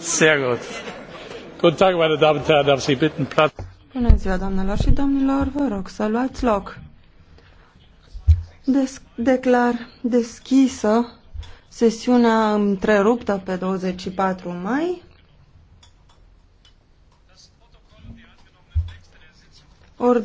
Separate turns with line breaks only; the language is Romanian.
Sehr gut. Guten Tag, meine Damen und Herren, darf Sie bitten Platz.
Bună ziua, doamnelor și domnilor, vă rog să luați loc. Des declar deschisă sesiunea întreruptă pe 24 mai.
Or